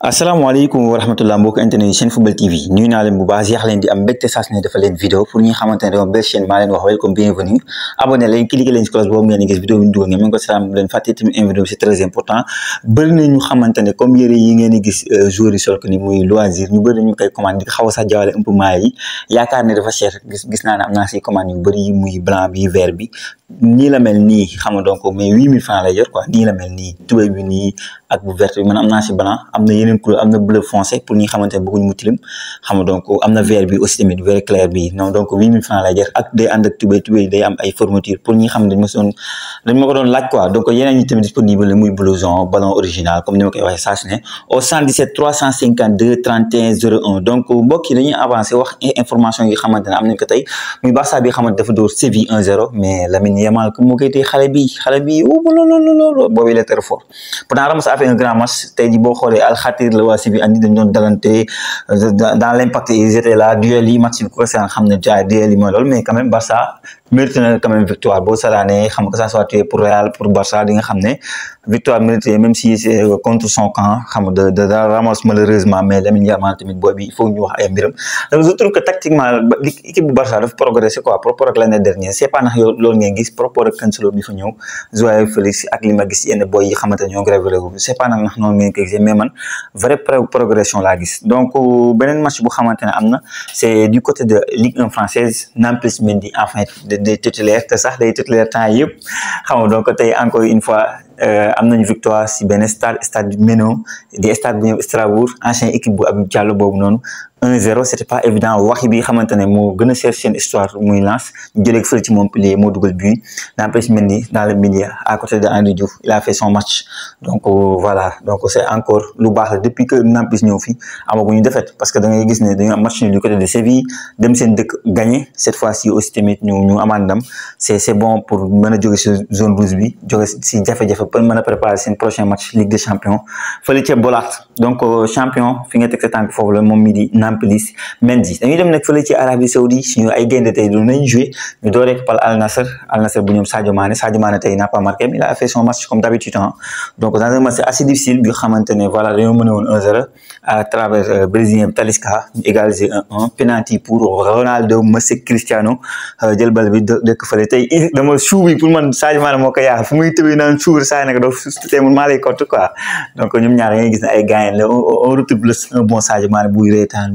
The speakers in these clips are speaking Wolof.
asalaamaaleykum wa rahmatulah mbokk internet yi Senfootball TV nuyu naa leen bu baax yéex leen di am mbégte saa ne dafa leen pour ñi nga xamante wax bi a sax jaawale un peu nii la mel nii xam donc mais huit mille francs lay yor nii la mel nii tubéy nii ak bu vert man am naa si blanc am na yeneen bleu foncé pour nous, donc am vert bi aussi tamit vert clair donc 8000 francs ak day pour nous, xam dañ ma disponible ballon original comme ni ma koy ça. au 117 352 31 01 donc wax information yi ne ko tay muy Barça bi CV dafa 1-0 mais Lamine fait un martyr la waa si bi andi dañ doon dalante euh, dans l'impact ils étaient là duel yi match bi ku ko seetaan xam ne duel yi mooy mais quand même Barça mérité na quand même victoire bo salaanee xam nga ça soit tu es pour Real pour Barça di nga xamné victoire méritée même si c'est euh, contre son camp xam de de Ramos malheureusement mais Lamine Yamal tamit bo bi il faut ñu wax ay mbiram je trouve que tactiquement équipe bu Barça dafa progresser quoi par rapport à l'année dernière c'est pas nak yow loolu ngeen gis par rapport à Cancelo bi fa ñew Joao felix ak li ma gis yenn boy yi xamante ñoo grève wu c'est pas nak nak noonu ngeen ko gisee mais man vraie progression la gis donc euh, benen match bu xamante amna c'est du côté de Ligue 1 française Nampalys Mendy enfin des titulaires te sax day titulaire temps yëpp xam nga donc tey encore une fois euh, am nañu victoire si benn stade stade Méno di stade bu ñëw Strasbourg équipe bu Abdou Diallo boobu noonu 1-0 c'était pas évident Wahibi, je sais que ne une histoire muy lance lance. jëlee ko fële ci Montpellier moo but n'empêche dans le milieu à côté de Andy Diouf il a fait son match donc euh, voilà donc c'est encore lu baax depuis que n'empêche ñëw fi une défaite parce que da ngay gis un dañu am match ni du côté de Séville dem avons gagné cette fois-ci aussi tamit ñu ñu amandam c'est c'est bon pour manager a jóge zone rouge bi jóge fait, jafe-jafe pour mën préparer son prochain match Ligue des Champions fële ca donc euh, champion fi nga teg sa tànk foofu la moom di Nampalys Mendy dañuy dem nag fele ci Arabie Saoudi ñu ay gaynde tay do nañ joué ñu do rek par Al Nassr Al Nassr bu ñom Sadio Mané Sadio Mané tay n'a pas marqué mais il a fait son match comme d'habitude hein. donc dans un match assez difficile bi xamantene voilà dañu mëne won 1-0 à travers euh, brésilien Talisca ñu égaliser 1-1 penalty pour Ronaldo Messi Cristiano euh, jël bal bi dëkk fele tay dama suuf bi pour man Sadio Mané moko ko yaa fu muy tëbee naan suuf saa nekk doo tey man quoi donc ñoom ñaar ngay gis ay gaynde on retrouve un bon Sadio Mané bu reetaan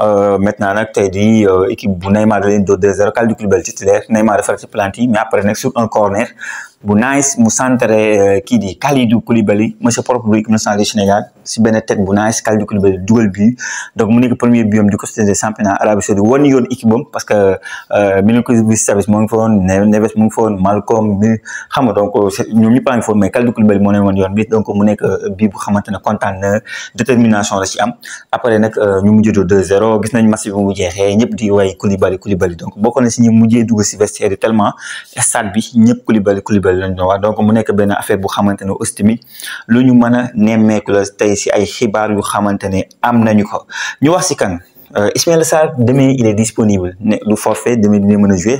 Euh, maintenant nak tay di euh, équipe bu Neymar len do door 2-0 Kalidou Koulibaly titulaire Neymar defal ci planti mais après nak sur un corner bu nice mu centré euh, kii di Kalidou Koulibaly monsieur propre bu équipe nationale du Sénégal si ben tête bu nice Kalidou Koulibaly dugal but donc mu nek premier biom du côté des championnats Arabie Saoudite woon yoon équipe am parce que Milinkovic-Savic moo ngi fon woon Neves moo ngi fa Malcom mi xam donc ñoom ñëpp a ngi fa mais Kalidou Koulibaly moo leen woon yoon bi donc mu nek bi bu xamante contane détermination la ci am après nak ñu do 2 Aguero gis nañ match bi mu jeexee ñëpp di way Koulibaly Koulibaly donc bokk na si ñu mujjee dugg si vestiaire yi tellement stade bi ñëpp Koulibaly Koulibaly lañ doon wax donc mu nekk benn affaire bu xamante ne aussi tamit lu ñu mën a nemmeeku la tey si ay xibaar yu xamante ne am nañu ko ñu wax si kan Euh, Ismaël Assar, demain il est disponible le forfait demain il est a jouer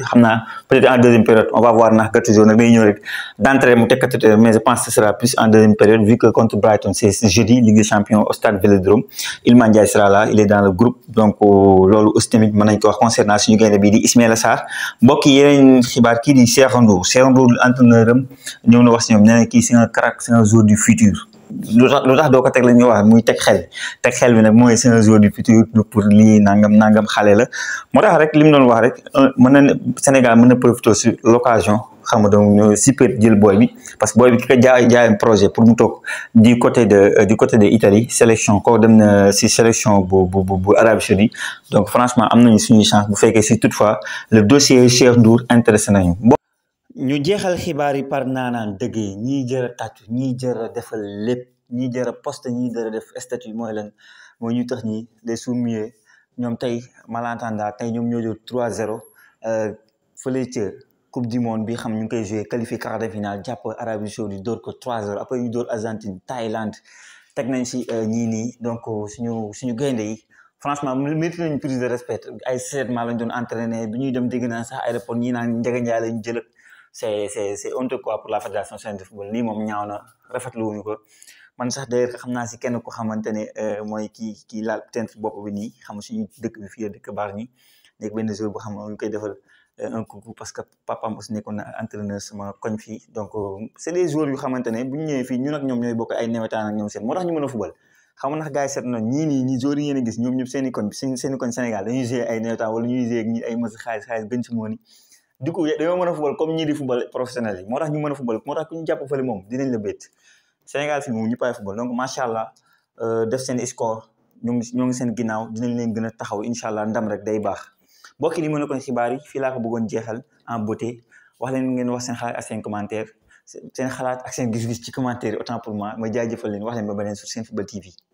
peut-être en deuxième période on va voir ndax jours, nag day rek d'entrée euh, mais je pense que ce sera plus en deuxième période vu que contre Brighton c'est jeudi Ligue des Champions au stade Vélodrome Il Ndiaye sera là il est dans le groupe donc au euh, aussi tamit mën nañ wax concernant suñu Ismaël Assar, Bon yi xibaar kii di Cheikh Cheikh na wax si c'est un crack c'est un joueur du futur lu tax lu wax muy xel xel bi c'est un futur pour nangam nangam l'occasion jël bi parce que projet pour mu du côté de euh, du côté de Italie sélection sélection bu bu bu donc franchement am nañu une chance bu toutefois le dossier Cheikh Ndour intéressé ñu jeexal xibaar yi par naanaan dëgg yi ñii jër a tàccu ñii jër a defal lépp ñii jër a poste ñii jër a def statut mooy lan ñu tax ñi les sous ñoom tey malentendant tey ñoom ñoo jël 3-0 euh, fële ca coupe du monde bi xam ñu ngi koy joué qualifié quart de finale jàpp Arabie Saoudite dóor ko 3-0 après ñu dóor Argentine Thaïlande teg nañ si euh, ñii nii donc euh, suñu ñu gaynde yi franchement mérite nañu prise de respect ay seet maa lañ doon entraîné bi ñuy dem dégg naa sax aéroport ñii naan njëga njaay lañu jëlëb c'est c'est c'est honteux quoi pour la fédération moom ñaaw na rafetlu wuñu ko man sax d'ailleurs xam naa si kenn ko xamante ne euh, mooy kii kii laal tent bopp bi nii xam suñu dëkk bi fii dëkk baax ñi nekk benn jour boo ne ñu koy euh, euh, ñoom bokk ay nawetaan ñoom seen moo tax ñu mën a football xam ndax gars yi seet na ñii nii koñ seen i koñ ay nawetaan wala ñuy jouer ay match xaalis xaalis benn di ko dañoo a football comme ñii football professionnel moo tax ñu mën a football moo tax ku ñu jàpp fële moom dinañ la bétt Sénégal fi moom ñu paay football donc macha allah euh, def seen score ñoo ngi seen ginnaaw dinañ leen gën a taxaw incha allah ndam rek day baax mbokk yi ni mën a kon xibaar yi fii laa ko bëggoon jeexal en wax leen ngeen wax seen xalaat ak seen commentaire seen xalaat ak seen gis-gis ci commentaire autant pour moi ma jaajëfal leen wax leen ba beneen sur Senfootball TV